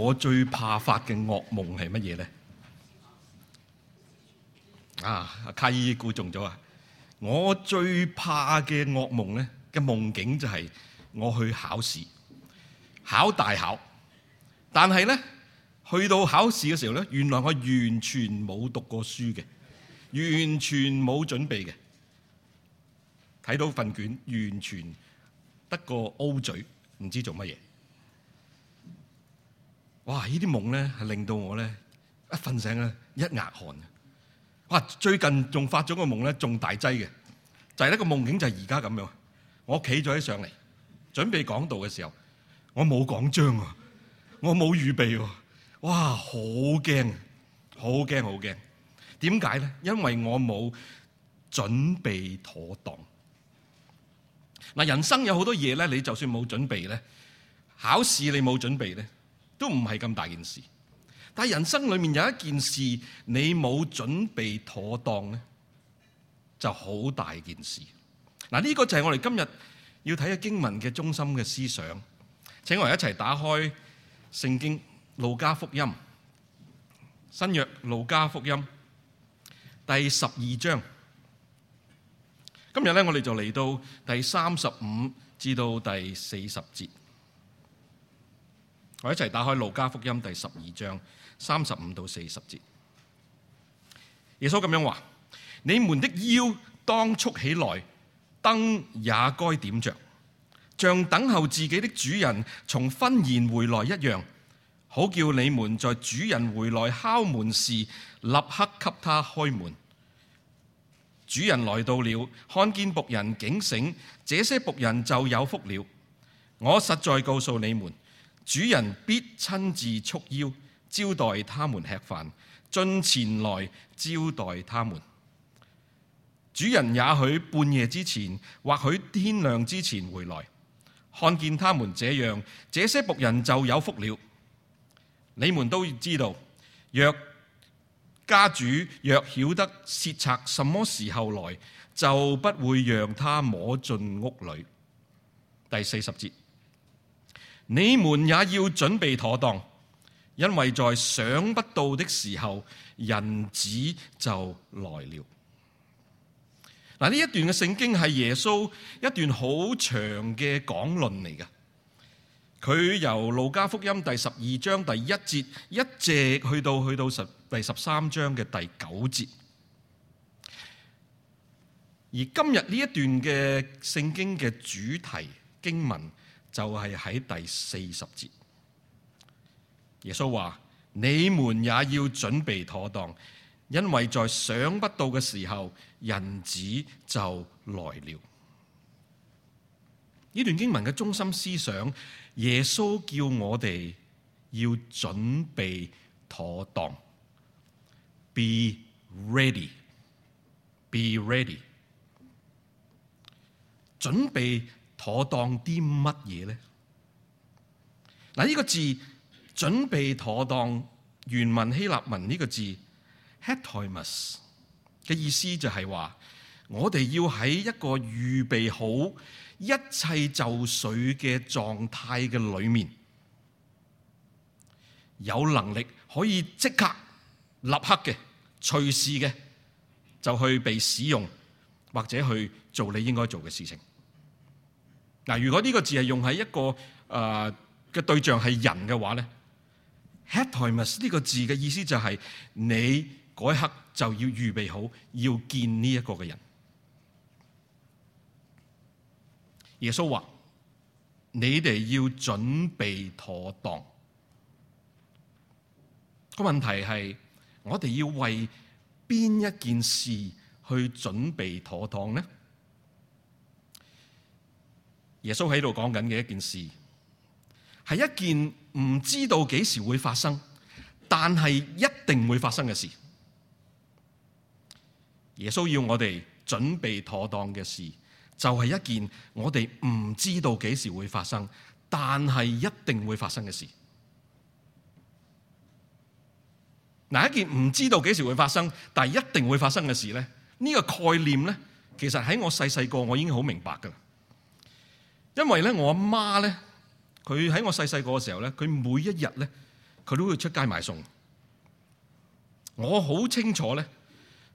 我最怕發嘅噩夢係乜嘢咧？啊，卡伊估中咗啊！我最怕嘅噩夢咧嘅夢境就係我去考試，考大考，但係咧去到考試嘅時候咧，原來我完全冇讀過書嘅，完全冇準備嘅，睇到份卷完全得個 O 嘴，唔知做乜嘢。哇！這些呢啲夢咧係令到我咧一瞓醒咧一額汗啊！哇！最近仲發咗個夢咧，仲大劑嘅就係、是、呢個夢境，就係而家咁樣。我企咗喺上嚟，準備講道嘅時候，我冇講章啊，我冇預備喎！哇，好驚，好驚，好驚！點解咧？因為我冇準備妥當。嗱，人生有好多嘢咧，你就算冇準備咧，考試你冇準備咧。都唔係咁大件事，但係人生裏面有一件事你冇準備妥當咧，就好大件事。嗱，呢個就係我哋今日要睇嘅經文嘅中心嘅思想。請我哋一齊打開聖經《路加福音》新約《路加福音》第十二章。今日咧，我哋就嚟到第三十五至到第四十節。我一齊打開路加福音第十二章三十五到四十節。耶穌咁樣話：你們的腰當束起來，燈也該點着，像等候自己的主人從婚宴回來一樣。好叫你們在主人回來敲門時，立刻給他開門。主人來到了，看見僕人警醒，這些僕人就有福了。我實在告訴你們。主人必親自束腰招待他們吃飯，進前來招待他們。主人也許半夜之前，或許天亮之前回來，看見他們這樣，這些僕人就有福了。你們都知道，若家主若曉得竊賊什麼時候來，就不會讓他摸進屋裏。第四十節。你們也要準備妥當，因為在想不到的時候，人子就來了。嗱，呢一段嘅聖經係耶穌一段好長嘅講論嚟㗎，佢由路加福音第十二章第一節一直去到去到十第十三章嘅第九節。而今日呢一段嘅聖經嘅主題經文。就係喺第四十節，耶穌話：你們也要準備妥當，因為在想不到嘅時候，人子就來了。呢段經文嘅中心思想，耶穌叫我哋要準備妥當。Be ready, be ready，準備。妥當啲乜嘢咧？嗱，呢個字準備妥當，原文希臘文呢個字 hetoimos 嘅意思就係話，我哋要喺一個預備好一切就緒嘅狀態嘅裏面，有能力可以即刻、立刻嘅、隨時嘅，就去被使用或者去做你應該做嘅事情。嗱，如果呢個字係用喺一個誒嘅、呃、對象係人嘅話咧，hat times 呢個字嘅意思就係你一刻就要預備好要見呢一個嘅人。耶穌話，你哋要準備妥當。個問題係，我哋要為邊一件事去準備妥當咧？耶穌喺度講緊嘅一件事，係一件唔知道幾時會發生，但係一定會發生嘅事。耶穌要我哋準備妥當嘅事，就係一件我哋唔知道幾時會發生，但係一定會發生嘅事。嗱，一件唔知道幾時會發生，但一定會發生嘅事咧，呢個概念咧，其實喺我細細個，我已經好明白噶。因為咧，我阿媽咧，佢喺我細細個嘅時候咧，佢每一日咧，佢都會出街買餸。我好清楚咧，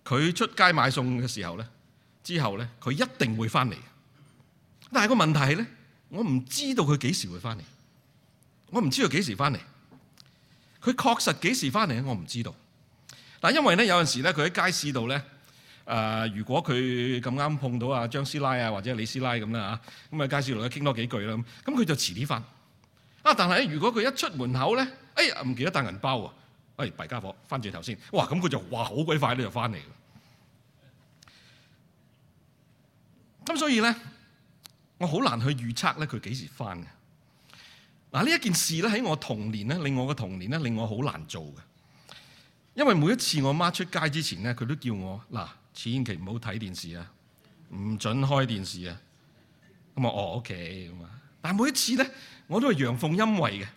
佢出街買餸嘅時候咧，之後咧，佢一定會翻嚟。但係個問題係咧，我唔知道佢幾時會翻嚟，我唔知道幾時翻嚟。佢確實幾時翻嚟咧，我唔知道。但係，因為咧有陣時咧，佢喺街市度咧。誒，如果佢咁啱碰到阿張師奶啊，或者李師奶咁啦嚇，咁啊介紹落去傾多幾句啦，咁佢就遲啲翻。啊，但係如果佢一出門口咧，哎呀，唔記得帶銀包喎，誒、哎，弊家伙翻轉頭先，哇，咁佢就哇好鬼快咧就翻嚟。咁所以咧，我好難去預測咧佢幾時翻嘅。嗱，呢一件事咧喺我童年咧令我嘅童年咧令我好難做嘅，因為每一次我媽出街之前咧，佢都叫我嗱。千祈唔好睇電視啊！唔准開電視啊！咁啊，哦，OK 咁啊。但係每一次咧，我都係陽奉陰違嘅。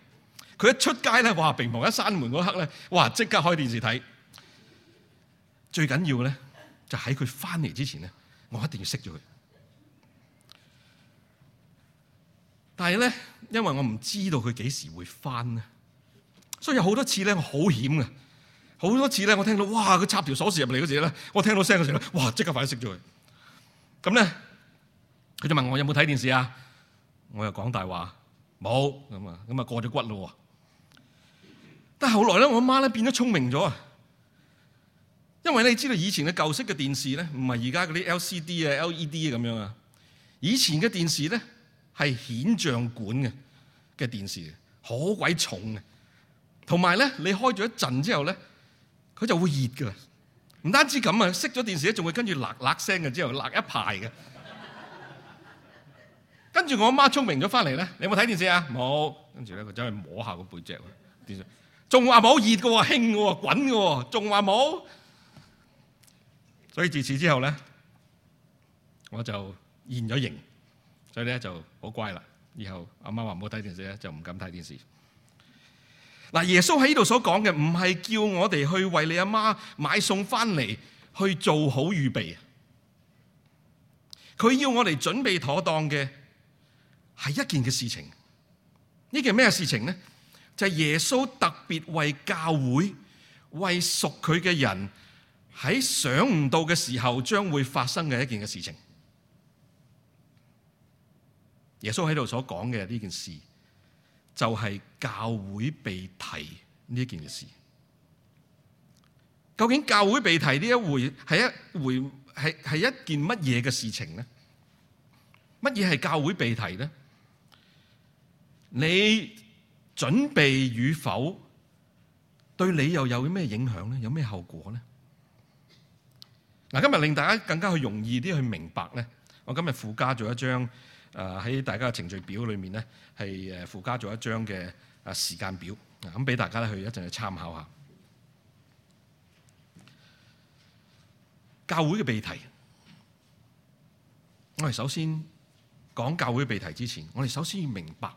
佢一出街咧，哇！平房一閂門嗰刻咧，哇！即刻開電視睇。最緊要咧，就喺佢翻嚟之前咧，我一定要熄咗佢。但係咧，因為我唔知道佢幾時會翻啊，所以好多次咧，我好險嘅。好多次咧，我聽到哇，佢插條鎖匙入嚟嗰時咧，我聽到聲嘅時候咧，哇，即刻快啲熄咗佢。咁咧，佢就問我有冇睇電視啊？我又講大話，冇咁啊，咁啊過咗骨咯。但係後來咧，我媽咧變得聰明咗啊。因為你知道以前嘅舊式嘅電視咧，唔係而家嗰啲 LCD 啊、LED 啊咁樣啊。以前嘅電視咧係顯像管嘅嘅電視，好鬼重嘅。同埋咧，你開咗一陣之後咧。佢就會熱噶，唔單止咁啊！熄咗電視咧，仲會跟住辣辣聲嘅，之後嗱一排嘅。 跟住我阿媽聰明咗翻嚟咧，你有冇睇電視啊？冇。跟住咧，佢走去摸下個背脊，電視仲話冇熱嘅喎，興嘅喎，滾嘅喎，仲話冇。所以自此之後咧，我就現咗形，所以咧就好乖啦。以後阿媽話冇睇電視咧，就唔敢睇電視。就不敢看電視。嗱，耶穌喺呢度所講嘅唔係叫我哋去為你阿媽買餸返嚟，去做好預備。佢要我哋準備妥當嘅係一件嘅事情。呢件咩事情咧，就係耶穌特別為教會為屬佢嘅人喺想唔到嘅時候將會發生嘅一件嘅事情。耶穌喺度所講嘅呢件事，就係教會被提呢一件嘅事，究竟教會被提呢一回係一回係係一件乜嘢嘅事情呢？乜嘢係教會被提呢？你準備與否，對你又有咩影響呢？有咩後果呢？嗱，今日令大家更加去容易啲去明白咧，我今日附加咗一張。誒喺大家嘅程序表裏面咧，係誒附加咗一張嘅啊時間表，咁俾大家咧去參一陣去參考下。教會嘅備題，我哋首先講教會嘅備題之前，我哋首先要明白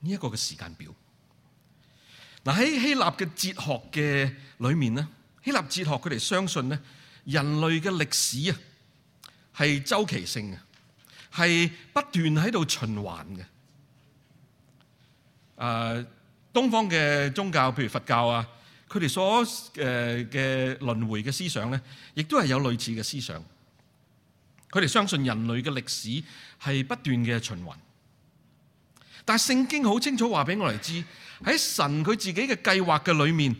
呢一個嘅時間表。嗱，喺希臘嘅哲學嘅裏面咧，希臘哲學佢哋相信咧，人類嘅歷史啊係周期性嘅。是不斷喺度循環嘅。Uh, 東方嘅宗教，譬如佛教啊，佢哋所誒嘅、uh, 輪迴嘅思想呢，亦都係有類似嘅思想。佢哋相信人類嘅歷史係不斷嘅循環。但係聖經好清楚話俾我哋知，喺神佢自己嘅計劃嘅裏面，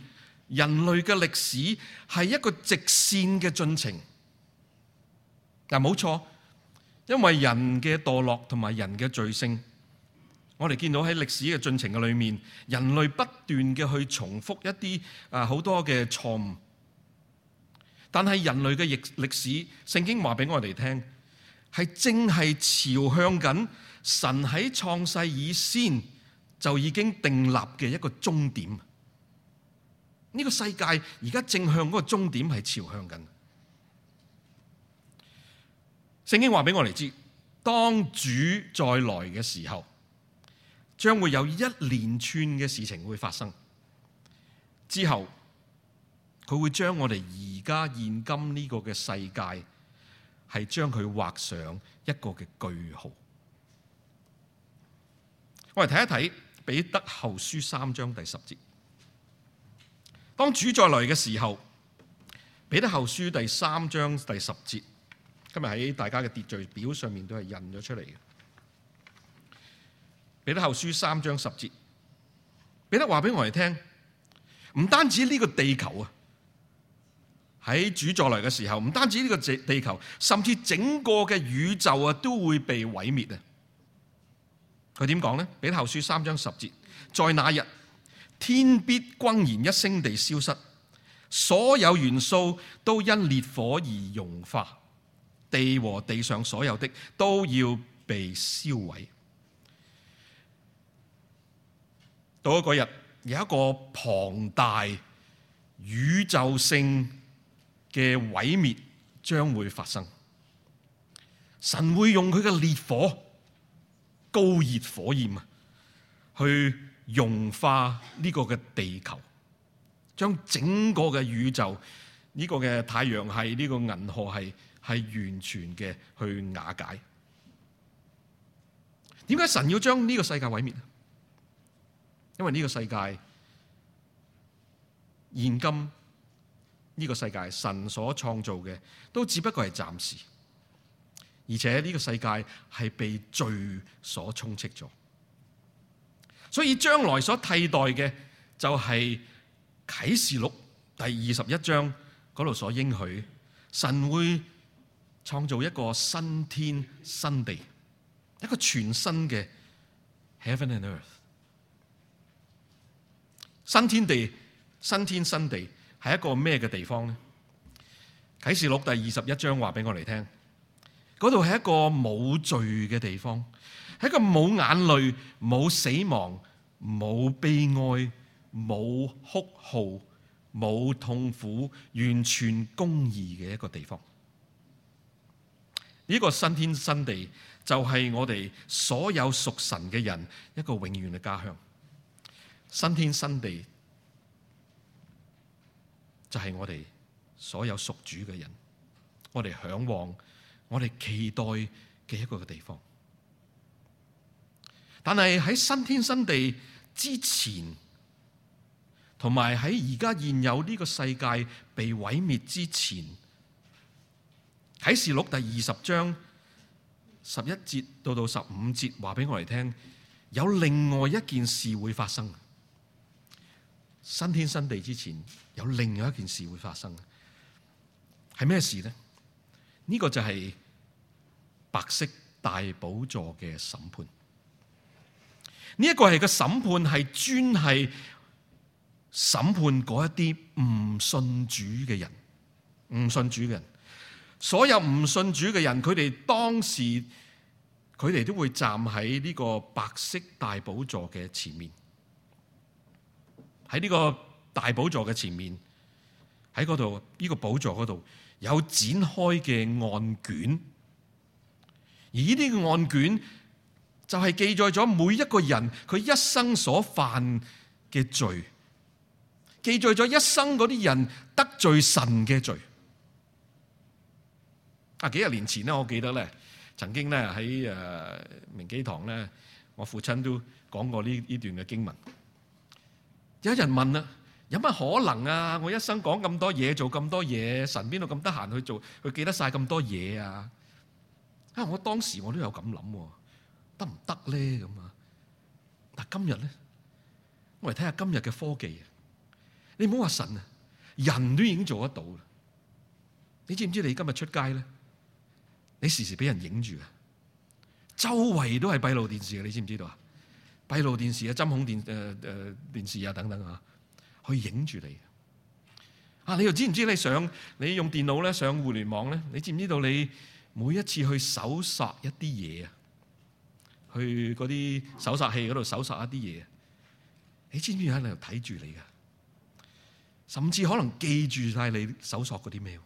人類嘅歷史係一個直線嘅進程。但冇錯。因為人嘅墮落同埋人嘅罪性，我們見到喺歷史嘅進程裏面，人類不斷嘅去重複一些啊好、呃、多嘅錯誤。但是人類嘅歷史，聖經話俾我們聽，係正係朝向緊神喺創世以前就已經定立嘅一個終點。呢個世界而家正向嗰個終點是朝向緊。聖經話俾我哋知，當主再來嘅時候，將會有一連串嘅事情會發生。之後，佢會將我哋而家現今呢個嘅世界，係將佢畫上一個嘅句號。我哋睇一睇彼得後書三章第十節。當主再來嘅時候，彼得後書第三章第十節。今日喺大家嘅秩序表上面都係印咗出嚟嘅。彼得後書三章十節，彼得話俾我哋聽，唔單止呢個地球啊，喺主再來嘅時候，唔單止呢個地球，甚至整個嘅宇宙啊，都會被毀滅啊。佢點講呢？彼得後書三章十節，在那日，天必轟然一聲地消失，所有元素都因烈火而融化。地和地上所有的都要被燒毀。到咗嗰日，有一個龐大宇宙性嘅毀滅將會發生。神會用佢嘅烈火、高熱火焰啊，去融化呢個嘅地球，將整個嘅宇宙，呢、這個嘅太陽系，呢、這個銀河系。係完全嘅去瓦解。點解神要將呢個世界毀滅？因為呢個世界現今，呢個世界神所創造嘅都只不過係暫時，而且呢個世界係被罪所充斥咗。所以將來所替代嘅就係啟示錄第二十一章嗰度所應許，神會。創造一個新天新地，一個全新嘅 Heaven and Earth。新天地、新天新地係一個咩嘅地方咧？啟示錄第二十一章話俾我哋聽，嗰度係一個冇罪嘅地方，係一個冇眼淚、冇死亡、冇悲哀、冇哭號、冇痛苦、完全公義嘅一個地方。呢、這個新天新地就係我哋所有屬神嘅人一個永遠嘅家鄉。新天新地就係我哋所有屬主嘅人，我哋向往、我哋期待嘅一個地方。但係喺新天新地之前，同埋喺而家現有呢個世界被毀滅之前。啟示錄第二十章十一節到到十五節，話俾我哋聽，有另外一件事會發生。新天新地之前，有另外一件事會發生，係咩事咧？呢個就係白色大寶座嘅審判。呢一個係個審判，係專係審判嗰一啲唔信主嘅人，唔信主嘅人。所有唔信主嘅人，佢哋當時佢哋都會站喺呢個白色大寶座嘅前面，喺呢個大寶座嘅前面，喺嗰度呢個寶座嗰度有展開嘅案卷，而呢啲案卷就係記載咗每一個人佢一生所犯嘅罪，記載咗一生嗰啲人得罪神嘅罪。啊！幾廿年前咧，我記得咧，曾經咧喺誒明基堂咧，我父親都講過呢呢段嘅經文。有人問啦：有乜可能啊？我一生講咁多嘢，做咁多嘢，神邊度咁得閒去做？佢記得晒咁多嘢啊？啊！我當時我都有咁諗喎，得唔得咧？咁啊，但今日咧，我嚟睇下今日嘅科技。你唔好話神啊，人都已經做得到。你知唔知你今日出街咧？你時時俾人影住嘅，周圍都係閉路電視嘅，你知唔知道啊？閉路電視啊、針孔電誒誒、呃呃、電視啊等等啊，去影住你啊！你又知唔知你上你用電腦咧上互聯網咧？你知唔知道你每一次去搜索一啲嘢啊？去嗰啲搜索器嗰度搜索一啲嘢，你知唔知喺度睇住你噶？甚至可能記住晒你搜索嗰啲咩？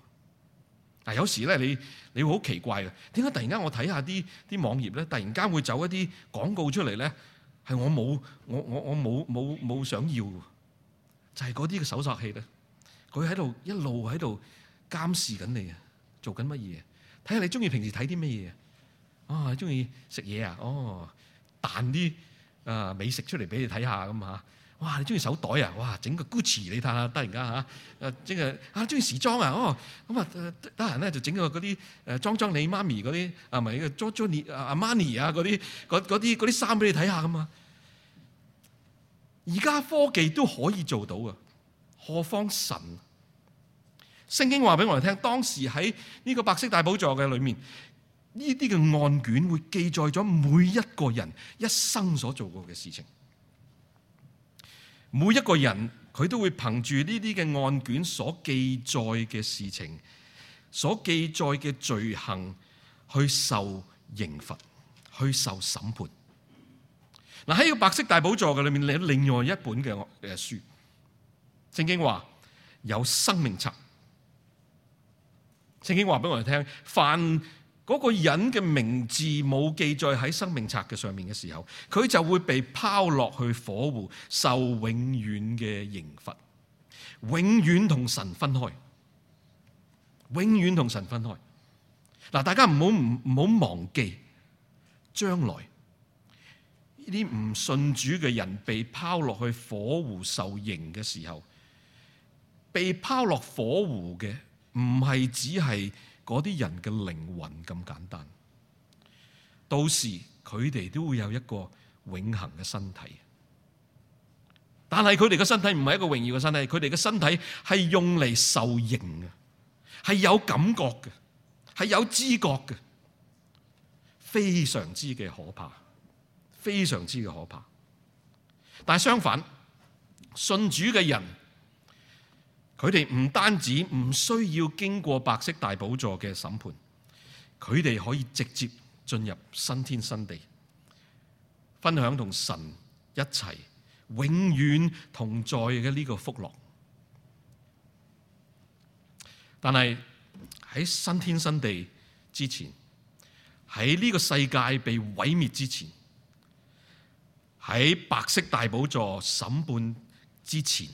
有時咧，你你會好奇怪嘅，點解突然間我睇下啲啲網頁咧，突然間會走一啲廣告出嚟咧？係我冇我我我冇冇冇想要，就係嗰啲嘅搜索器咧，佢喺度一路喺度監視緊你啊，做緊乜嘢？睇下你中意平時睇啲乜嘢啊？啊，中意食嘢啊？哦，彈啲啊美食出嚟俾你睇下咁嚇。啊哇！你中意手袋啊？哇！整個 Gucci 你睇下，得而家嚇誒，即係啊中意時裝啊哦咁啊，得閒咧就整個嗰啲誒莊莊你媽咪嗰啲啊，唔係莊莊你阿阿瑪尼啊嗰啲啲啲衫俾你睇下噶嘛。而家科技都可以做到噶，何況神？聖經話俾我哋聽，當時喺呢個白色大寶座嘅裏面，呢啲嘅案卷會記載咗每一個人一生所做過嘅事情。每一個人佢都會憑住呢啲嘅案卷所記載嘅事情，所記載嘅罪行，去受刑罰，去受審判。嗱，喺個白色大寶座嘅裏面，有另外一本嘅嘅書。聖經話有生命冊。聖經話俾我哋聽，犯嗰個人嘅名字冇記載喺生命冊嘅上面嘅時候，佢就會被拋落去火湖受永遠嘅刑罰，永遠同神分開，永遠同神分開。嗱，大家唔好唔唔好忘記，將來呢啲唔信主嘅人被拋落去火湖受刑嘅時候，被拋落火湖嘅唔係只係。嗰啲人嘅靈魂咁簡單，到時佢哋都會有一個永恆嘅身體，但係佢哋嘅身體唔係一個榮耀嘅身體，佢哋嘅身體係用嚟受刑嘅，係有感覺嘅，係有知覺嘅，非常之嘅可怕，非常之嘅可怕。但係相反，信主嘅人。佢哋唔單止唔需要經過白色大寶座嘅審判，佢哋可以直接進入新天新地，分享同神一齊永遠同在嘅呢個福樂。但係喺新天新地之前，喺呢個世界被毀滅之前，喺白色大寶座審判之前。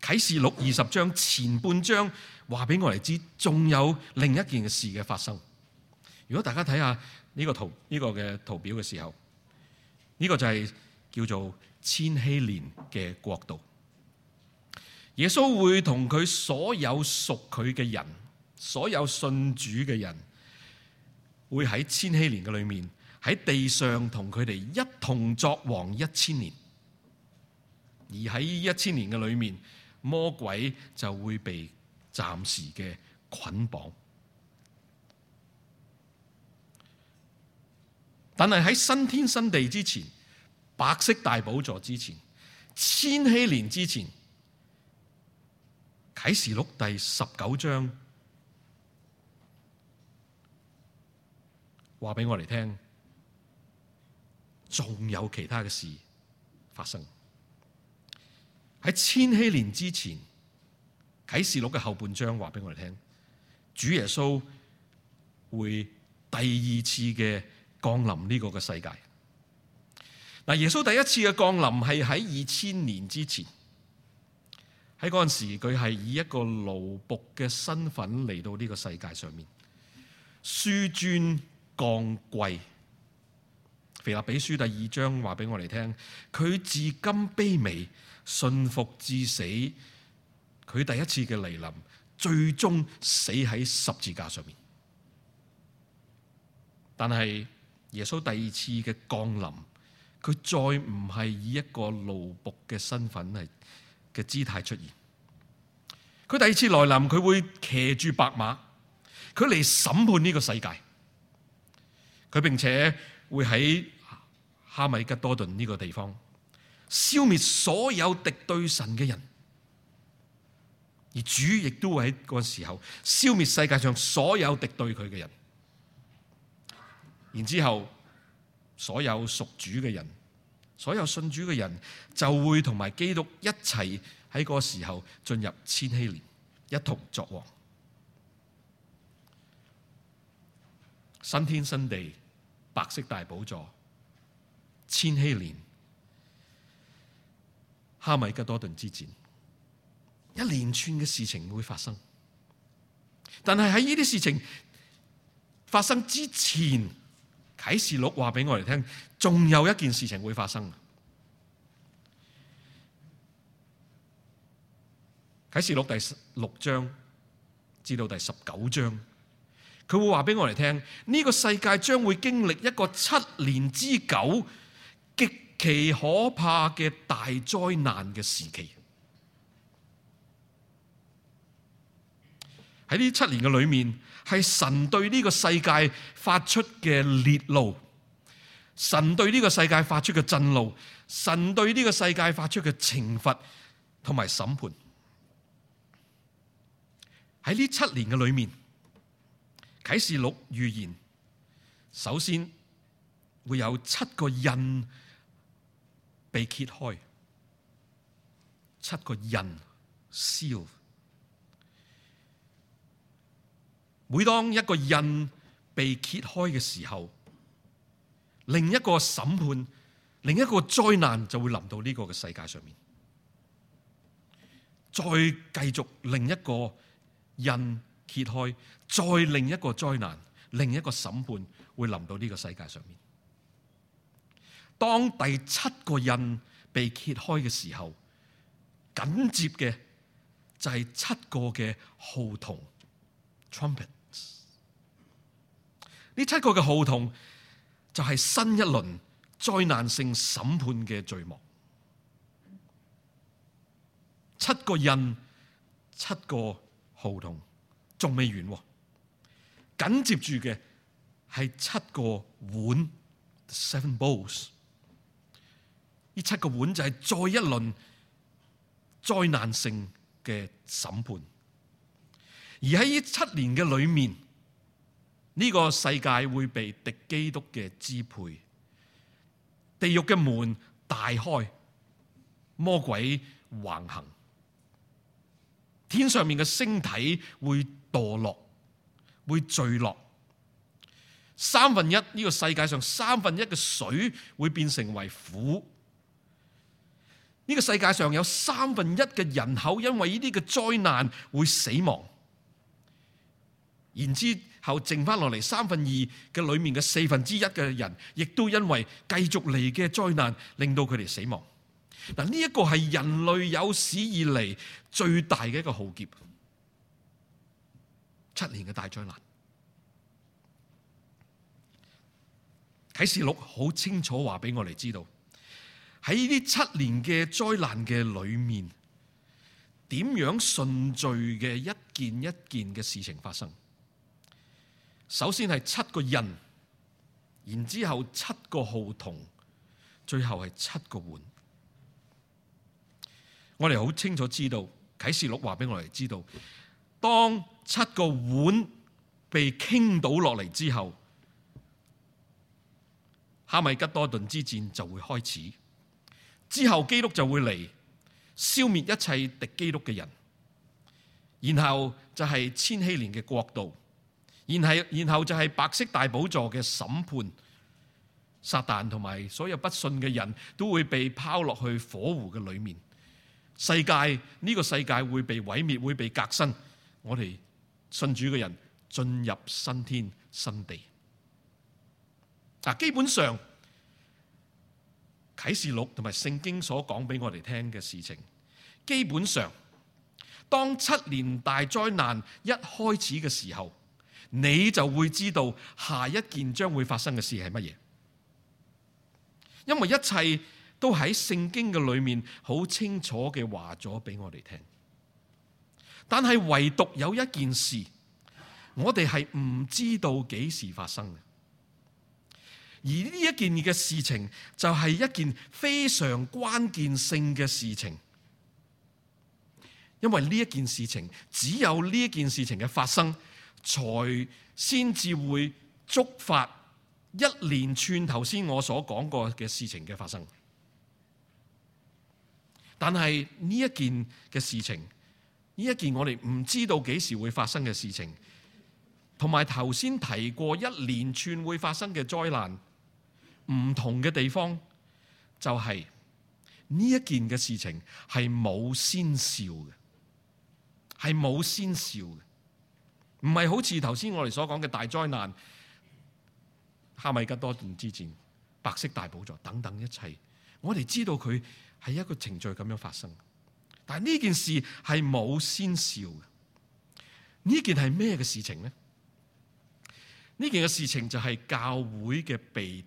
啟示錄二十章前半章話俾我哋知，仲有另一件事嘅發生。如果大家睇下呢個圖，呢個嘅圖表嘅時候，呢個就係叫做千禧年嘅國度。耶穌會同佢所有屬佢嘅人，所有信主嘅人，會喺千禧年嘅裏面喺地上同佢哋一同作王一千年。而喺一千年嘅裏面。魔鬼就會被暫時嘅捆綁，但係喺新天新地之前、白色大寶座之前、千禧年之前，《啟示錄》第十九章話俾我哋聽，仲有其他嘅事發生。喺千禧年之前，啟示錄嘅後半章話俾我哋聽，主耶穌會第二次嘅降臨呢個嘅世界。嗱，耶穌第一次嘅降臨係喺二千年之前，喺嗰陣時佢係以一個奴僕嘅身份嚟到呢個世界上面，紆尊降貴。腓立比書第二章話俾我哋聽，佢至今卑微。信服至死，佢第一次嘅嚟臨，最終死喺十字架上面。但係耶穌第二次嘅降臨，佢再唔係以一個奴僕嘅身份係嘅姿態出現。佢第二次來臨，佢會騎住白馬，佢嚟審判呢個世界。佢並且會喺哈米吉多頓呢個地方。消滅所有敵對神嘅人，而主亦都會喺嗰個時候消滅世界上所有敵對佢嘅人。然之後，所有屬主嘅人，所有信主嘅人，就會同埋基督一齊喺嗰個時候進入千禧年，一同作王。新天新地，白色大寶座，千禧年。哈米吉多頓之戰，一連串嘅事情會發生，但係喺呢啲事情發生之前，啟示錄話俾我哋聽，仲有一件事情會發生。啟示錄第六章至到第十九章，佢會話俾我哋聽，呢個世界將會經歷一個七年之久激。極其可怕嘅大災難嘅時期，喺呢七年嘅裏面，係神對呢個世界發出嘅烈怒，神對呢個世界發出嘅震怒，神對呢個世界發出嘅懲罰同埋審判。喺呢七年嘅裏面，啟示錄預言，首先會有七個印。被揭開，七個印銷。每當一個印被揭開嘅時候，另一個審判、另一個災難就會臨到呢個世界上面。再繼續另一個印揭開，再另一個災難、另一個審判會臨到呢個世界上面。當第七個印被揭開嘅時候，緊接嘅就係七個嘅號筒 （trumpets）。呢七個嘅號筒就係新一輪災難性審判嘅序幕。七個印、七個號筒仲未完，緊接住嘅係七個碗 （The Seven Bowls）。這七個碗就係再一輪災難性嘅審判，而喺呢七年嘅裏面，呢、這個世界會被敵基督嘅支配，地獄嘅門大開，魔鬼橫行，天上面嘅星體會墮落，會墜落，三分一呢、這個世界上三分一嘅水會變成為苦。呢個世界上有三分一嘅人口因為呢啲嘅災難會死亡，然之後剩翻落嚟三分二嘅裏面嘅四分之一嘅人，亦都因為繼續嚟嘅災難令到佢哋死亡。嗱，呢一個係人類有史以來最大嘅一個浩劫，七年嘅大災難。啟示錄好清楚話俾我哋知道。喺呢七年嘅災難嘅裏面，點樣順序嘅一件一件嘅事情發生？首先係七個人，然之後七個號筒，最後係七個碗。我哋好清楚知道，《啟示錄》話俾我哋知道，當七個碗被傾倒落嚟之後，哈米吉多頓之戰就會開始。之後基督就會嚟，消滅一切敵基督嘅人，然後就係千禧年嘅國度，然係然後就係白色大寶座嘅審判，撒旦同埋所有不信嘅人都會被拋落去火湖嘅裏面，世界呢、這個世界會被毀滅，會被革新，我哋信主嘅人進入新天新地。基本上。啟示錄同埋聖經所講俾我哋聽嘅事情，基本上當七年大災難一開始嘅時候，你就會知道下一件將會發生嘅事係乜嘢，因為一切都喺聖經嘅裏面好清楚嘅話咗俾我哋聽。但係唯獨有一件事，我哋係唔知道幾時發生嘅。而呢一件嘅事情就係一件非常關鍵性嘅事情，因為呢一件事情只有呢一件事情嘅發生，才先至會觸發一連串頭先我所講過嘅事情嘅發生。但係呢一件嘅事情，呢一件我哋唔知道幾時會發生嘅事情，同埋頭先提過一連串會發生嘅災難。唔同嘅地方就係、是、呢一件嘅事情係冇先兆嘅，係冇先兆嘅，唔係好似頭先我哋所講嘅大災難、哈米吉多頓之戰、白色大寶座等等一切，我哋知道佢係一個程序咁樣發生，但係呢件事係冇先兆嘅，呢件係咩嘅事情呢？呢件嘅事情就係教會嘅被提。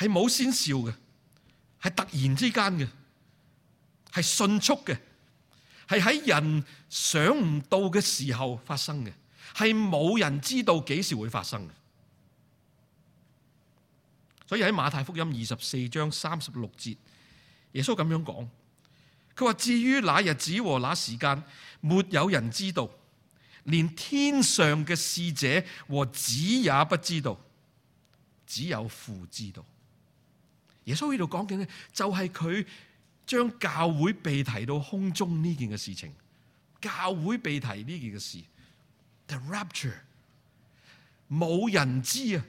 係冇先兆嘅，係突然之間嘅，係迅速嘅，係喺人想唔到嘅時候發生嘅，係冇人知道幾時會發生嘅。所以喺馬太福音二十四章三十六節，耶穌咁樣講，佢話至於那日子和那時間，沒有人知道，連天上嘅使者和子也不知道，只有父知道。耶穌喺度講緊咧，就係佢將教會被提到空中呢件嘅事情，教會被提呢件嘅事，the rapture，冇人知啊！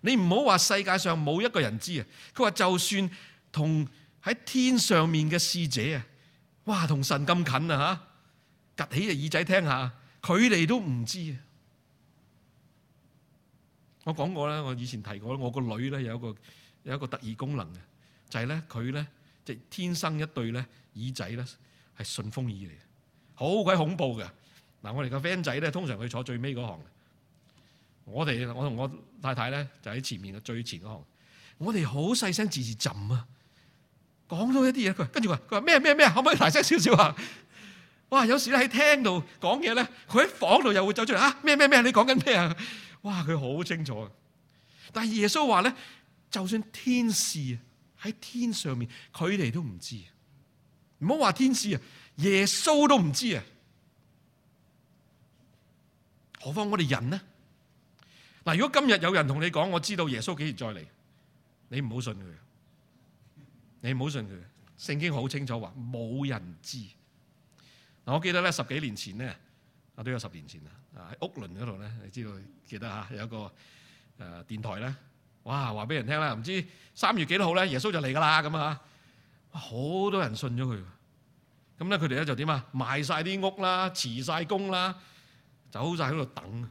你唔好話世界上冇一個人知啊！佢話就算同喺天上面嘅使者啊，哇，同神咁近啊吓，隔起隻耳仔聽下，佢哋都唔知啊！我講過啦，我以前提過咧，我個女咧有一個。有一個特異功能嘅，就係咧佢，咧即係天生一對咧耳仔咧係順風耳嚟嘅，好鬼恐怖嘅。嗱，我哋個 van 仔咧通常佢坐最尾嗰行，我哋我同我太太咧就喺前面嘅最前嗰行。 我哋好細聲字字浸啊，講咗一啲嘢，佢跟住話佢話咩咩咩，可唔可以大聲少少啊？哇！有時咧喺廳度講嘢咧，佢喺房度又會走出嚟啊，咩咩咩，你講緊咩啊？哇！佢好清楚啊。但係耶穌話咧。就算天使喺天上面，佢哋都唔知。唔好話天使啊，耶穌都唔知啊。何況我哋人呢？嗱，如果今日有人同你講我知道耶穌幾時再嚟，你唔好信佢。你唔好信佢。聖經好清楚話，冇人知。嗱，我記得咧十幾年前呢，啊都有十年前啦，啊喺屋倫嗰度咧，你知道記得吓，有一個誒電台咧。哇！話俾人聽啦，唔知三月幾多號咧？耶穌就嚟噶啦咁啊！哇！好多人信咗佢咁咧，佢哋咧就點啊？賣曬啲屋啦，辭曬工啦，走曬喺度等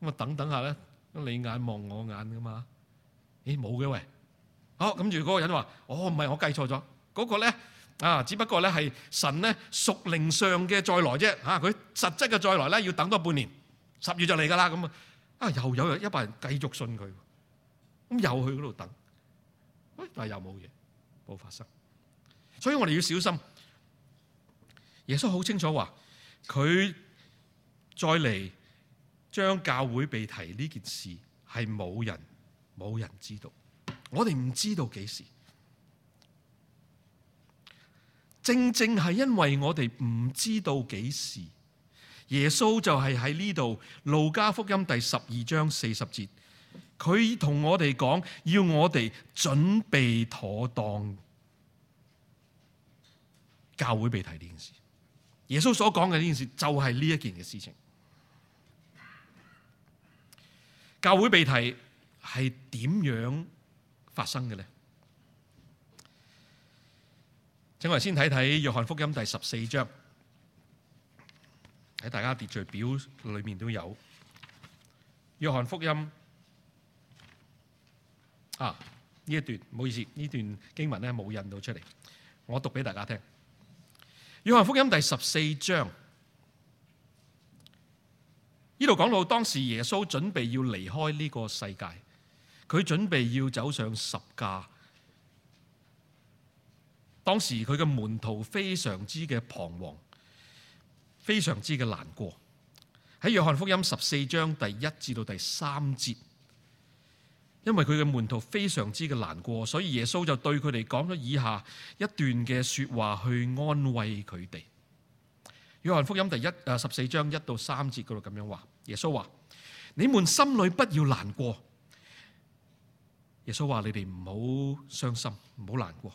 咁啊！等等下咧，你眼望我眼噶嘛？咦，冇嘅喂！好，跟住嗰個人話：哦，唔係我計錯咗嗰個咧啊！只不過咧係神咧屬靈上嘅再來啫嚇。佢實質嘅再來咧要等多半年，十月就嚟噶啦咁啊！啊，又有一百人繼續信佢。咁又去嗰度等，但又冇嘢，冇發生。所以我哋要小心。耶穌好清楚話，佢再嚟將教會被提呢件事，係冇人冇人知道，我哋唔知道幾時。正正係因為我哋唔知道幾時，耶穌就係喺呢度。路加福音第十二章四十節。佢同我哋講，要我哋準備妥當，教會被提呢件事。耶穌所講嘅呢件事，就係呢一件嘅事情。教會被提係點樣發生嘅咧？請我哋先睇睇《約翰福音》第十四章，喺大家秩序表裏面都有《約翰福音》。啊！呢一段唔好意思，呢段經文咧冇印到出嚟，我讀俾大家聽。約翰福音第十四章，呢度講到當時耶穌準備要離開呢個世界，佢準備要走上十架。當時佢嘅門徒非常之嘅彷徨，非常之嘅難過。喺約翰福音十四章第一至到第三節。因為佢嘅門徒非常之嘅難過，所以耶穌就對佢哋講咗以下一段嘅說話去安慰佢哋。約翰福音第一誒十四章一到三節嗰度咁樣話，耶穌話：你們心裏不要難過。耶穌話：你哋唔好傷心，唔好難過。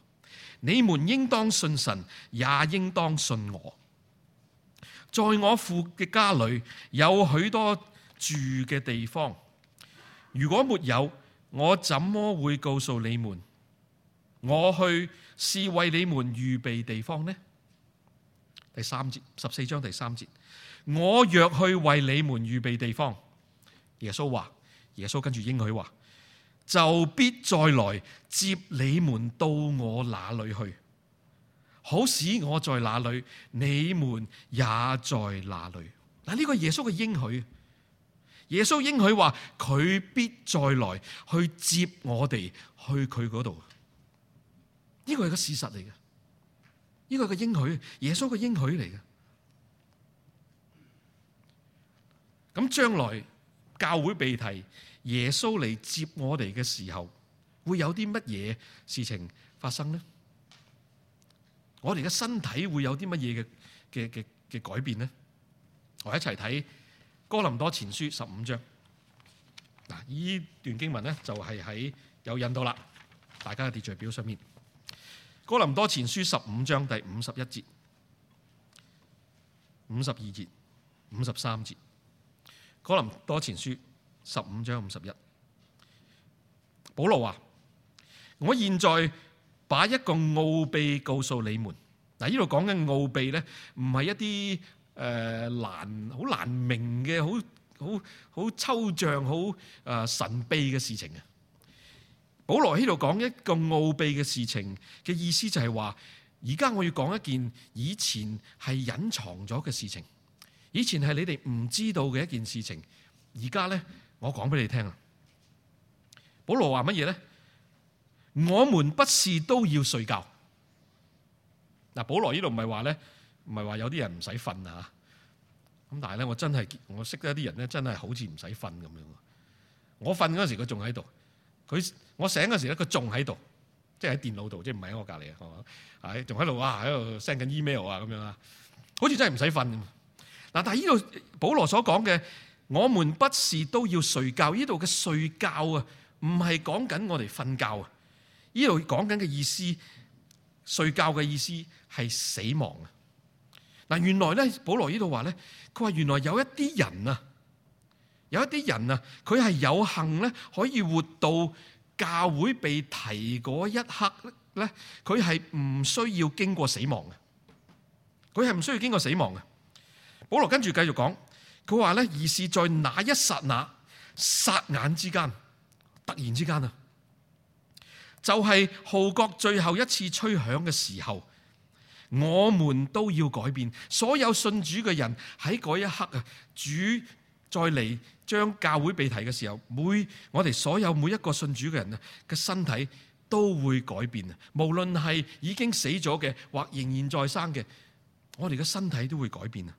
你們應當信神，也應當信我。在我父嘅家裏有許多住嘅地方，如果沒有。我怎麼會告訴你們，我去是為你們預備地方呢？第三節十四章第三節，我若去為你們預備地方，耶穌話，耶穌跟住應許話，就必再來接你們到我那裏去，好使我在那裏，你們也在那裏。嗱，呢個耶穌嘅應許。耶穌應許話佢必再來去接我哋去佢嗰度，呢個係個事實嚟嘅，呢個係個應許，耶穌個應許嚟嘅。咁將來教會被提，耶穌嚟接我哋嘅時候，會有啲乜嘢事情發生呢？我哋嘅身體會有啲乜嘢嘅嘅嘅嘅改變呢？我一齊睇。哥林多前書十五章。嗱，呢段經文咧就係喺有印到啦，大家嘅秩序表上面。哥林多前書十五章第五十一節、五十二節、五十三節，哥林多前書十五章五十一，保羅話：我現在把一個奧秘告訴你們，嗱，呢度講緊奧秘咧唔係一啲。誒，難好難明嘅，好好好抽象，好誒、呃、神秘嘅事情啊！保羅呢度講一個奧秘嘅事情嘅意思就係話，而家我要講一件以前係隱藏咗嘅事情，以前係你哋唔知道嘅一件事情，而家咧我講俾你聽啊！保羅話乜嘢咧？我們不是都要睡覺？嗱，保羅呢度唔係話咧。唔係話有啲人唔使瞓啊，咁但係咧，我真係我識得一啲人咧，真係好似唔使瞓咁樣。我瞓嗰陣時，佢仲喺度；佢我醒嗰時咧，佢仲喺度，即係喺電腦度，即係唔係喺我隔離啊？係仲喺度？啊，喺度 send 緊 email 啊咁樣啊，好似真係唔使瞓。嗱，但係呢度保羅所講嘅，我們不是都要睡覺？呢度嘅睡覺啊，唔係講緊我哋瞓覺啊。呢度講緊嘅意思，睡覺嘅意思係死亡啊！嗱，原來咧，保羅呢度話咧，佢話原來有一啲人啊，有一啲人啊，佢係有幸咧，可以活到教會被提嗰一刻咧，佢係唔需要經過死亡嘅，佢係唔需要經過死亡嘅。保羅跟住繼續講，佢話咧，而是在那一剎那，霎眼之間，突然之間啊，就係號角最後一次吹響嘅時候。我們都要改變，所有信主嘅人喺嗰一刻啊，主再嚟將教會被提嘅時候，每我哋所有每一個信主嘅人啊嘅身體都會改變啊，無論係已經死咗嘅或仍然在生嘅，我哋嘅身體都會改變啊。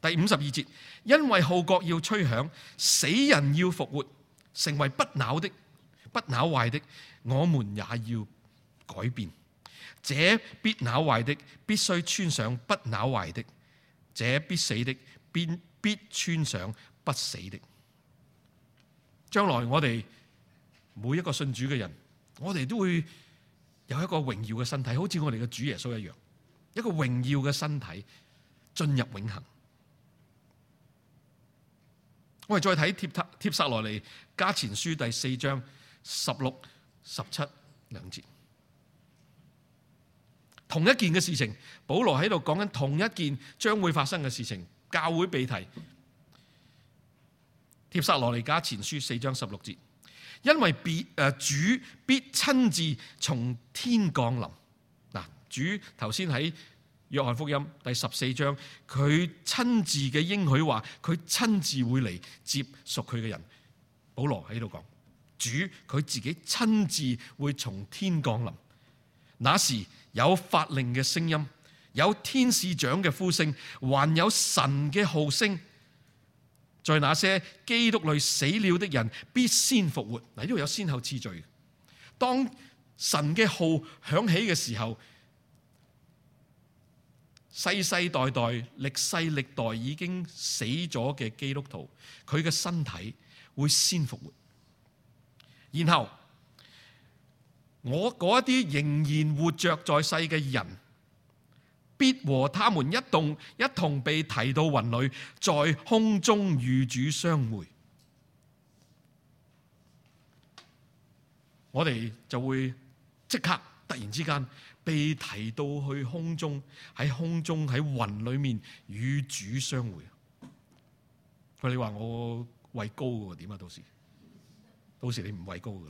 第五十二節，因為號角要吹響，死人要復活，成為不朽的，不朽壞的，我們也要改變。這必朽壞的，必須穿上不朽壞的；這必死的，必必穿上不死的。將來我哋每一個信主嘅人，我哋都會有一個榮耀嘅身體，好似我哋嘅主耶穌一樣，一個榮耀嘅身體進入永恆。我哋再睇帖帖撒羅尼迦前書第四章十六、十七兩節。同一件嘅事情，保羅喺度講緊同一件將會發生嘅事情。教會被提帖撒羅尼加前書四章十六節，因為必誒主必親自從天降臨。嗱，主頭先喺約翰福音第十四章，佢親自嘅應許話，佢親自會嚟接屬佢嘅人。保羅喺度講，主佢自己親自會從天降臨，那時。有法令嘅聲音，有天使長嘅呼聲，還有神嘅號聲，在那些基督裏死了的人必先復活。嗱，呢度有先後次序的。當神嘅號響起嘅時候，世世代代、歷世歷代已經死咗嘅基督徒，佢嘅身體會先復活，然後。我嗰啲仍然活着在世嘅人，必和他們一動一同被提到雲裏，在空中與主相會。我哋就會即刻突然之間被提到去空中，喺空中喺雲裏面與主相會。佢哋話：「我畏高嘅，點啊？到時到時你唔畏高嘅。」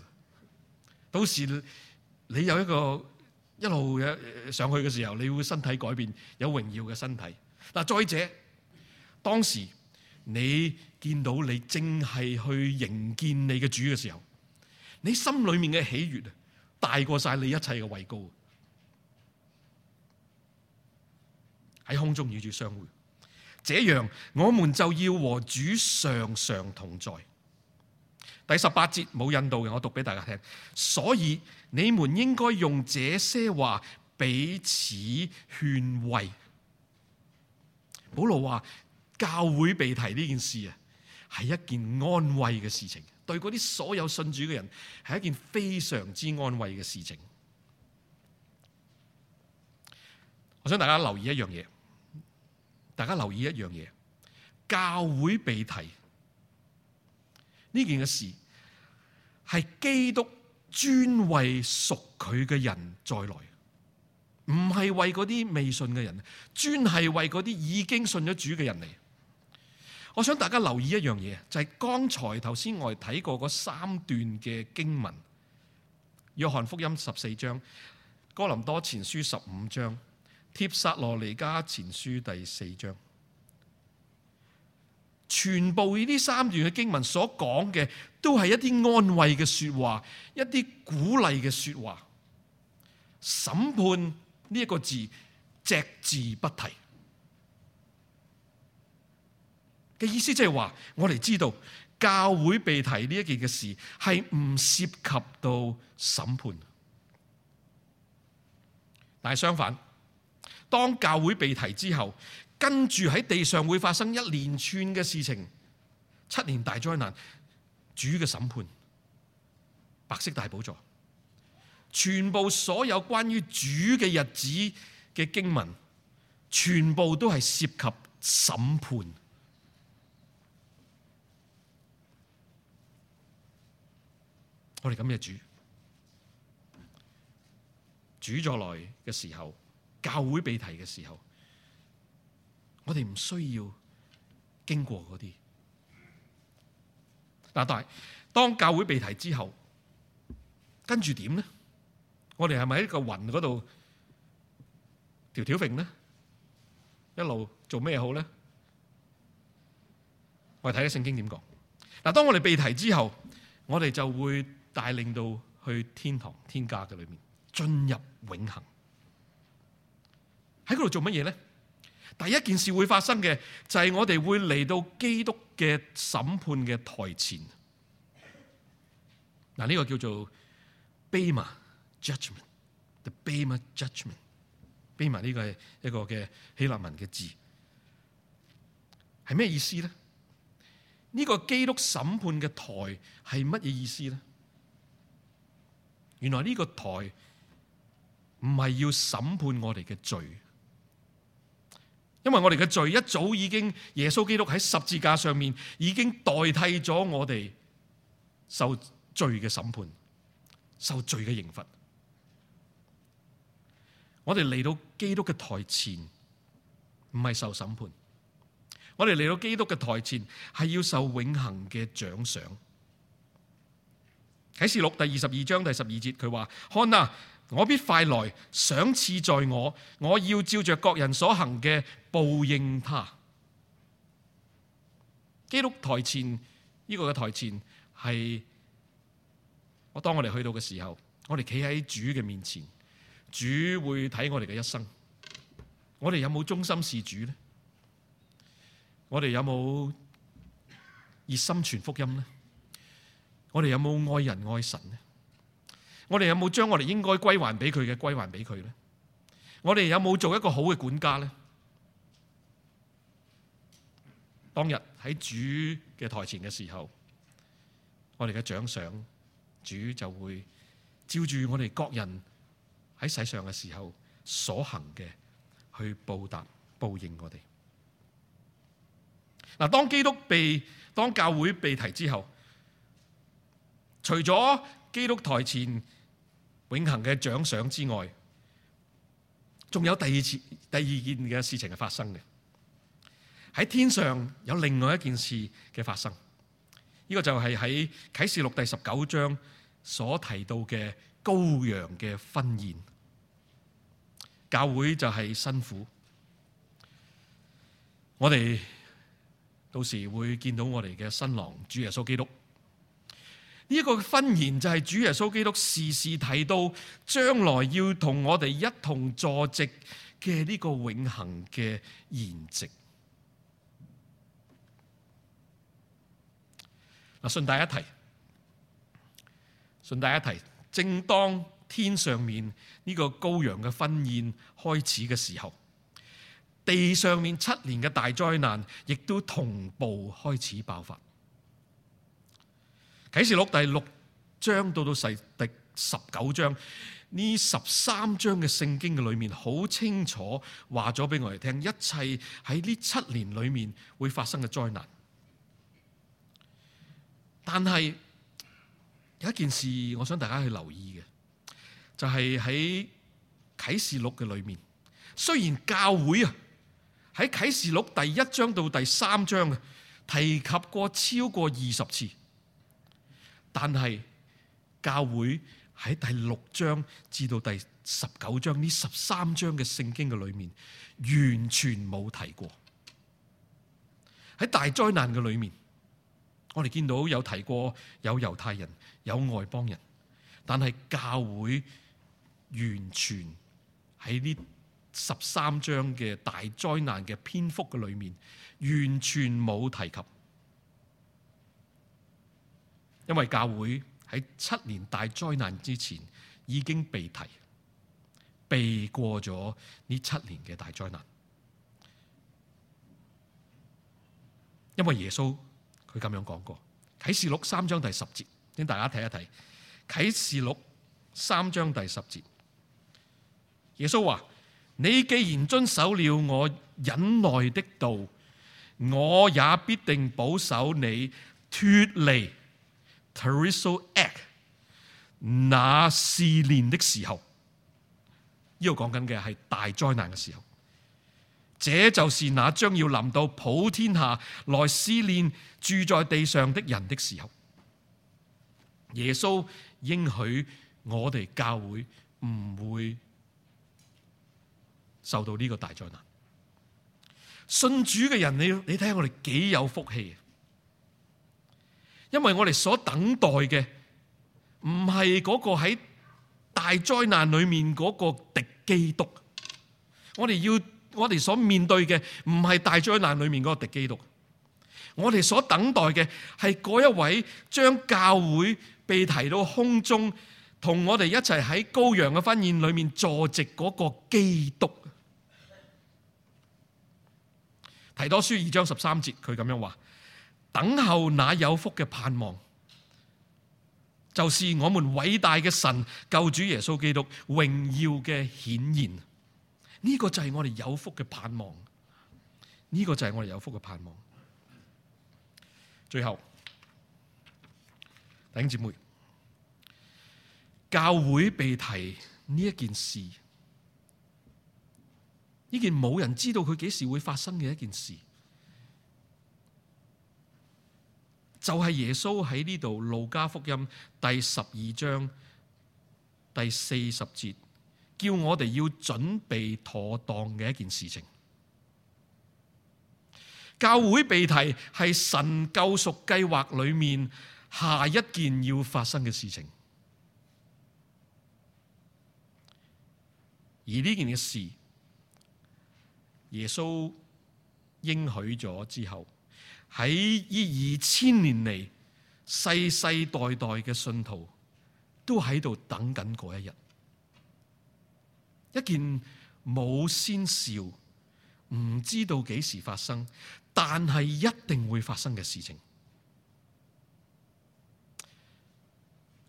到時你有一個一路上去嘅時候，你會身體改變，有榮耀嘅身體。嗱，再者，當時你見到你正係去迎見你嘅主嘅時候，你心裏面嘅喜悅大過晒你一切嘅畏高。喺空中與主相會，這樣我們就要和主常常同在。第十八節冇印度嘅，我讀俾大家聽。所以你們應該用這些話彼此勸慰。保羅話教會被提呢件事啊，係一件安慰嘅事情，對嗰啲所有信主嘅人係一件非常之安慰嘅事情。我想大家留意一樣嘢，大家留意一樣嘢，教會被提呢件嘅事。係基督專為屬佢嘅人再來，唔係為嗰啲未信嘅人，專係為嗰啲已經信咗主嘅人嚟。我想大家留意一樣嘢，就係、是、剛才頭先我哋睇過嗰三段嘅經文：《約翰福音》十四章、《哥林多前書》十五章、《帖撒羅尼迦前書》第四章，全部呢三段嘅經文所講嘅。都係一啲安慰嘅說話，一啲鼓勵嘅說話。審判呢一個字只字不提嘅意思，即係話我哋知道教會被提呢一件嘅事係唔涉及到審判。但係相反，當教會被提之後，跟住喺地上會發生一連串嘅事情，七年大災難。主嘅審判，白色大寶座，全部所有關於主嘅日子嘅經文，全部都係涉及審判。我哋咁嘅主，主咗來嘅時候，教會被提嘅時候，我哋唔需要經過嗰啲。但係當教會被提之後，跟住點咧？我哋係咪喺個雲嗰度條條揈咧？一路做咩好咧？我哋睇下聖經點講。嗱，當我哋被提之後，我哋就會帶領到去天堂天家嘅裏面，進入永恆。喺嗰度做乜嘢咧？第一件事會發生嘅就係我哋會嚟到基督嘅審判嘅台前。嗱，呢個叫做 Bema Judgment，The Bema Judgment，Bema 呢個係一個嘅希臘文嘅字，係咩意思咧？呢個基督審判嘅台係乜嘢意思咧？原來呢個台唔係要審判我哋嘅罪。因為我哋嘅罪一早已經耶穌基督喺十字架上面已經代替咗我哋受罪嘅審判、受罪嘅刑罰。我哋嚟到基督嘅台前，唔係受審判。我哋嚟到基督嘅台前係要受永恒嘅獎賞。啟示錄第二十二章第十二節佢話：看啊！我必快來賞賜在我，我要照着各人所行嘅報應他。基督台前呢，這個嘅台前係我當我哋去到嘅時候，我哋企喺主嘅面前，主會睇我哋嘅一生。我哋有冇忠心事主呢？我哋有冇熱心傳福音呢？我哋有冇愛人愛神呢？我哋有冇將我哋應該歸還俾佢嘅歸還俾佢咧？我哋有冇做一個好嘅管家咧？當日喺主嘅台前嘅時候，我哋嘅獎賞，主就會照住我哋各人喺世上嘅時候所行嘅去報答報應我哋。嗱，當基督被當教會被提之後，除咗基督台前。永恆嘅獎賞之外，仲有第二次、第二件嘅事情係發生嘅。喺天上有另外一件事嘅發生，呢、這個就係喺啟示錄第十九章所提到嘅羔羊嘅婚宴。教會就係辛苦，我哋到時會見到我哋嘅新郎主耶穌基督。呢、這個婚宴就係主耶穌基督時時提到將來要同我哋一同坐席嘅呢個永恒嘅筵席。嗱、啊，順帶一提，順帶一提，正當天上面呢個羔羊嘅婚宴開始嘅時候，地上面七年嘅大災難亦都同步開始爆發。啟示錄第六章到到第十九章，呢十三章嘅聖經嘅裏面，好清楚話咗俾我哋聽，一切喺呢七年裏面會發生嘅災難。但係有一件事，我想大家去留意嘅，就係喺啟示錄嘅裏面，雖然教會啊喺啟示錄第一章到第三章啊提及過超過二十次。但係教會喺第六章至到第十九章呢十三章嘅聖經嘅裏面，完全冇提過。喺大災難嘅裏面，我哋見到有提過有猶太人、有外邦人，但係教會完全喺呢十三章嘅大災難嘅篇幅嘅裏面，完全冇提及。因為教會喺七年大災難之前已經被提避過咗呢七年嘅大災難，因為耶穌佢咁樣講過，《啟示錄》三章第十節，請大家睇一睇《啟示錄》三章第十節。耶穌話：你既然遵守了我忍耐的道，我也必定保守你脫離。Tereso Act，那試煉的時候，呢個講緊嘅係大災難嘅時候，這就是那將要臨到普天下來試煉住在地上的人的時候。耶穌應許我哋教會唔會受到呢個大災難。信主嘅人，你你睇下我哋幾有福氣因為我哋所等待嘅唔係嗰個喺大災難裏面嗰個敵基督我，我哋要我哋所面對嘅唔係大災難裏面嗰個敵基督，我哋所等待嘅係嗰一位將教會被提到空中，同我哋一齊喺羔羊嘅婚宴裏面坐席嗰個基督。提多書二章十三節，佢咁樣話。等候那有福嘅盼望，就是我們偉大嘅神救主耶穌基督榮耀嘅顯現。呢、這個就係我哋有福嘅盼望。呢、這個就係我哋有福嘅盼望。最後，弟兄姊妹，教會被提呢一件事，呢件冇人知道佢幾時會發生嘅一件事。就係、是、耶穌喺呢度路加福音第十二章第四十節，叫我哋要準備妥當嘅一件事情。教會被提係神救贖計劃裏面下一件要發生嘅事情，而呢件嘅事耶穌應許咗之後。喺呢二千年嚟，世世代代嘅信徒都喺度等緊嗰一日，一件冇先兆、唔知道幾時發生，但係一定會發生嘅事情。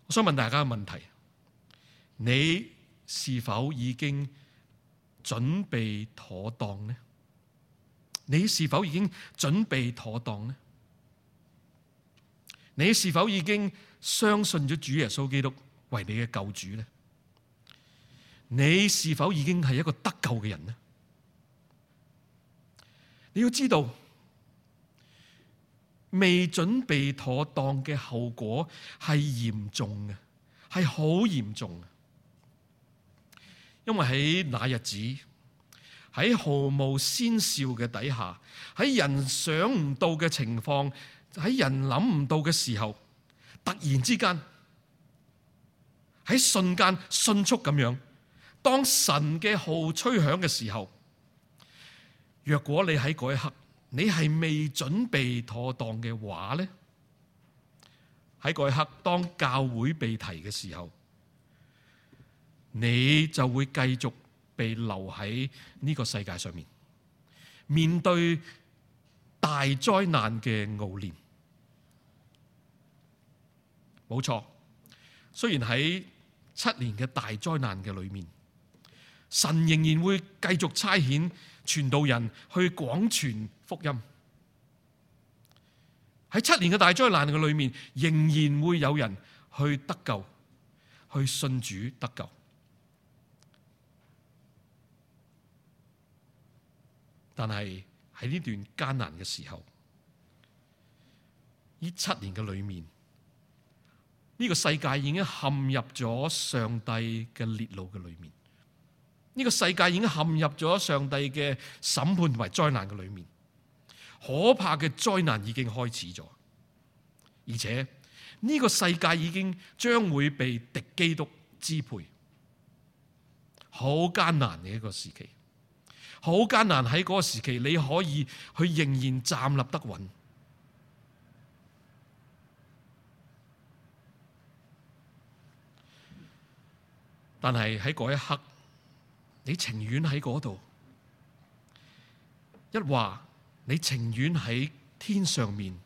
我想問大家個問題：你是否已經準備妥當呢？你是否已經準備妥當呢？你是否已經相信咗主耶穌基督為你嘅救主呢？你是否已經係一個得救嘅人呢？你要知道，未準備妥當嘅後果係嚴重嘅，係好嚴重啊！因為喺那日子。喺毫無先兆嘅底下，喺人想唔到嘅情況，喺人諗唔到嘅時候，突然之間，喺瞬間迅速咁樣，當神嘅號吹響嘅時候，若果你喺嗰一刻你係未準備妥當嘅話咧，喺嗰一刻當教會被提嘅時候，你就會繼續，被留喺呢個世界上面，面對大災難嘅熬煉，冇錯。雖然喺七年嘅大災難嘅裏面，神仍然會繼續差遣傳道人去廣傳福音。喺七年嘅大災難嘅裏面，仍然會有人去得救，去信主得救。但係喺呢段艱難嘅時候，呢七年嘅裏面，呢個世界已經陷入咗上帝嘅烈怒嘅裏面，呢個世界已經陷入咗上帝嘅審判同埋災難嘅裏面，可怕嘅災難已經開始咗，而且呢個世界已經將會被敵基督支配，好艱難嘅一個時期。好艱難喺嗰個時期，你可以去仍然站立得穩。但係喺嗰一刻，你情願喺嗰度，一話你情願喺天上面，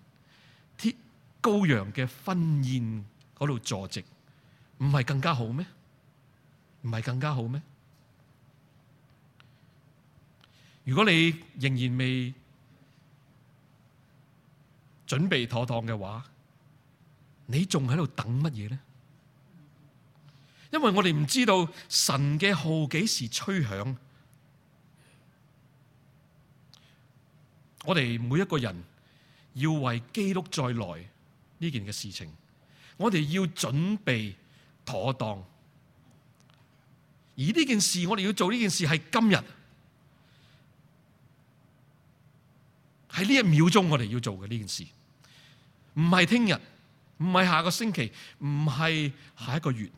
天羔羊嘅婚宴嗰度坐席，唔係更加好咩？唔係更加好咩？如果你仍然未準備妥當嘅話，你仲喺度等乜嘢呢？因為我哋唔知道神嘅號幾時吹響，我哋每一個人要為基督再來呢件嘅事情，我哋要準備妥當。而呢件事，我哋要做呢件事係今日。喺呢一秒鐘，我哋要做嘅呢件事，唔係聽日，唔係下個星期，唔係下一個月。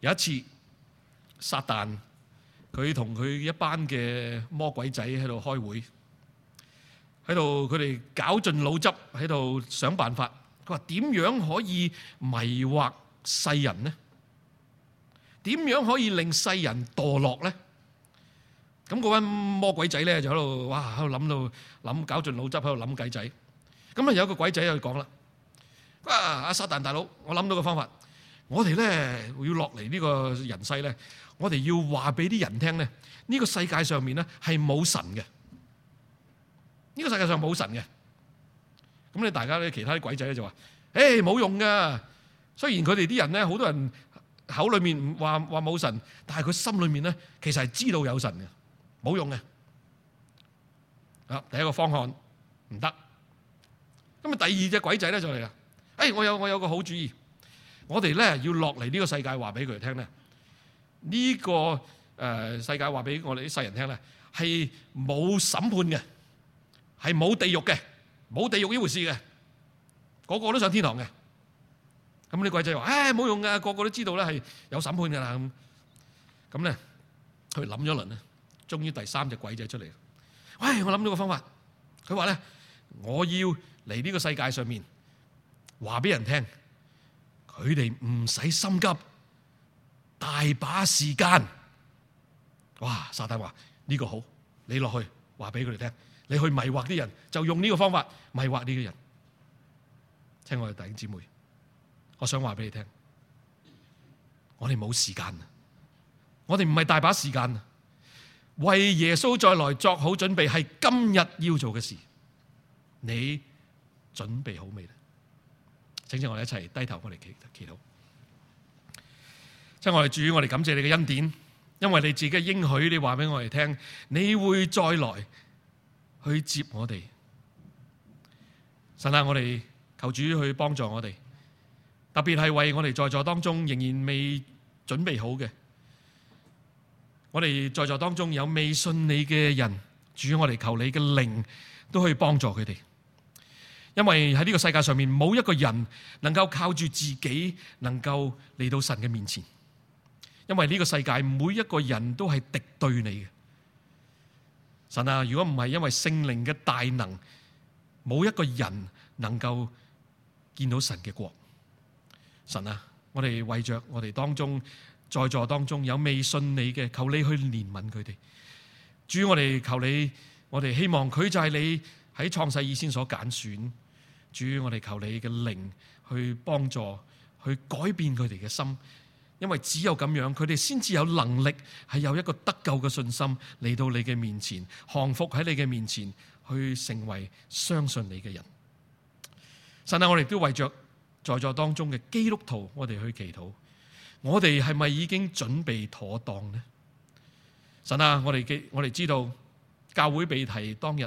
有一次，撒旦佢同佢一班嘅魔鬼仔喺度開會，喺度佢哋絞盡腦汁，喺度想辦法。佢話，點樣可以迷惑世人呢？點樣可以令世人墮落呢？咁嗰班魔鬼仔咧，就喺度哇，喺度諗到諗搞盡腦汁喺度諗計仔，咁啊，有一個鬼仔就講啦：，啊，阿撒旦大佬，我諗到個方法，我哋咧，要落嚟呢個人世咧，我哋要話俾啲人聽咧，呢個世界上面咧係冇神嘅，呢個世界上冇神嘅。咁你大家咧，其他啲鬼仔咧就話：，誒冇用㗎，雖然佢哋啲人咧，好多人口裏面話話冇神，但係佢心裏面咧其實係知道有神嘅。冇用嘅，啊！第一個方案唔得，咁啊第二隻鬼仔咧就嚟啦，哎，我有我有個好主意，我哋咧要落嚟呢個世界話俾佢哋聽咧，呢個誒世界話俾我哋啲世人聽咧，係冇審判嘅，係冇地獄嘅，冇地獄呢回事嘅，個個都上天堂嘅。咁呢鬼仔話：，哎，冇用嘅，個個都知道咧係有審判㗎喇。咁咁咧，佢諗咗一輪咧。終於第三隻鬼仔出嚟，喂、哎！我諗到個方法，佢話咧：我要嚟呢個世界上面，話俾人聽，佢哋唔使心急，大把時間。哇！撒旦話呢個好，你落去話俾佢哋聽，你去迷惑啲人，就用呢個方法迷惑呢啲人。聽我哋弟兄姊妹，我想話俾你聽，我哋冇時間啊！我哋唔係大把時間啊！為耶穌再來作好準備，係今日要做嘅事。你準備好未？請請我哋一齊低頭，我哋祈祈禱。真愛主，我哋感謝你嘅恩典，因為你自己應許你話畀我哋聽，你會再來去接我哋。神啊，我哋求主去幫助我哋，特別係為我哋在座當中仍然未準備好的。我哋在座當中有未信你嘅人，主，我哋求你嘅靈都可以幫助佢哋，因為喺呢個世界上面，冇一個人能夠靠住自己能夠嚟到神嘅面前，因為呢個世界每一個人都係敵對你嘅。神啊，如果唔係因為聖靈嘅大能，冇一個人能夠見到神嘅國。神啊，我哋為着我哋當中。在座當中有未信你嘅，求你去憐憫佢哋。主，我哋求你，我哋希望佢就係你喺創世以先所揀選。主，我哋求你嘅靈去幫助，去改變佢哋嘅心，因為只有咁樣，佢哋先至有能力係有一個得救嘅信心嚟到你嘅面前，降服喺你嘅面前，去成為相信你嘅人。神啊，我哋都為着在座當中嘅基督徒，我哋去祈禱。我哋係咪已經準備妥當呢？神啊，我哋我哋知道，教會被提當日，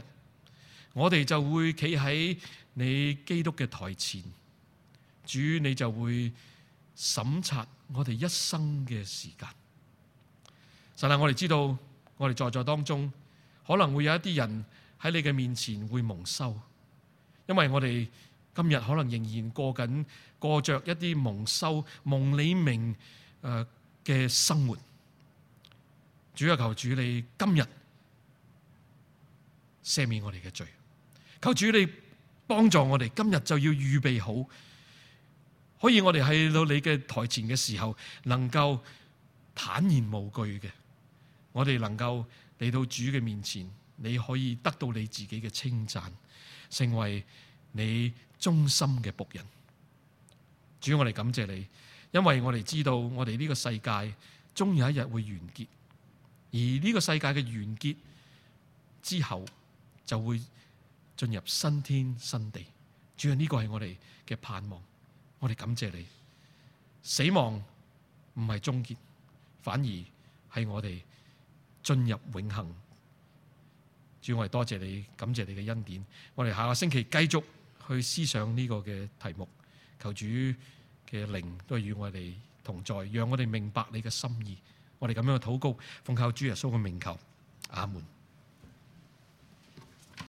我哋就會企喺你基督嘅台前，主你就會審查我哋一生嘅時間。神啊，我哋知道，我哋在座當中，可能會有一啲人喺你嘅面前會蒙羞，因為我哋。今日可能仍然過緊過着一啲蒙羞、蒙你名嘅生活。主啊，求主你今日赦免我哋嘅罪，求主你幫助我哋，今日就要預備好，可以我哋喺到你嘅台前嘅時候，能夠坦然無懼嘅，我哋能夠嚟到主嘅面前，你可以得到你自己嘅稱讚，成為你。忠心嘅僕人，主，我哋感謝你，因為我哋知道我哋呢個世界終有一日會完結，而呢個世界嘅完結之後就會進入新天新地。主啊，呢個係我哋嘅盼望，我哋感謝你。死亡唔係終結，反而係我哋進入永恆。主，我哋多謝你，感謝你嘅恩典。我哋下個星期繼續，去思想呢個嘅題目，求主嘅靈都係與我哋同在，讓我哋明白你嘅心意，我哋咁樣去禱告，奉靠主耶穌嘅名求，阿門。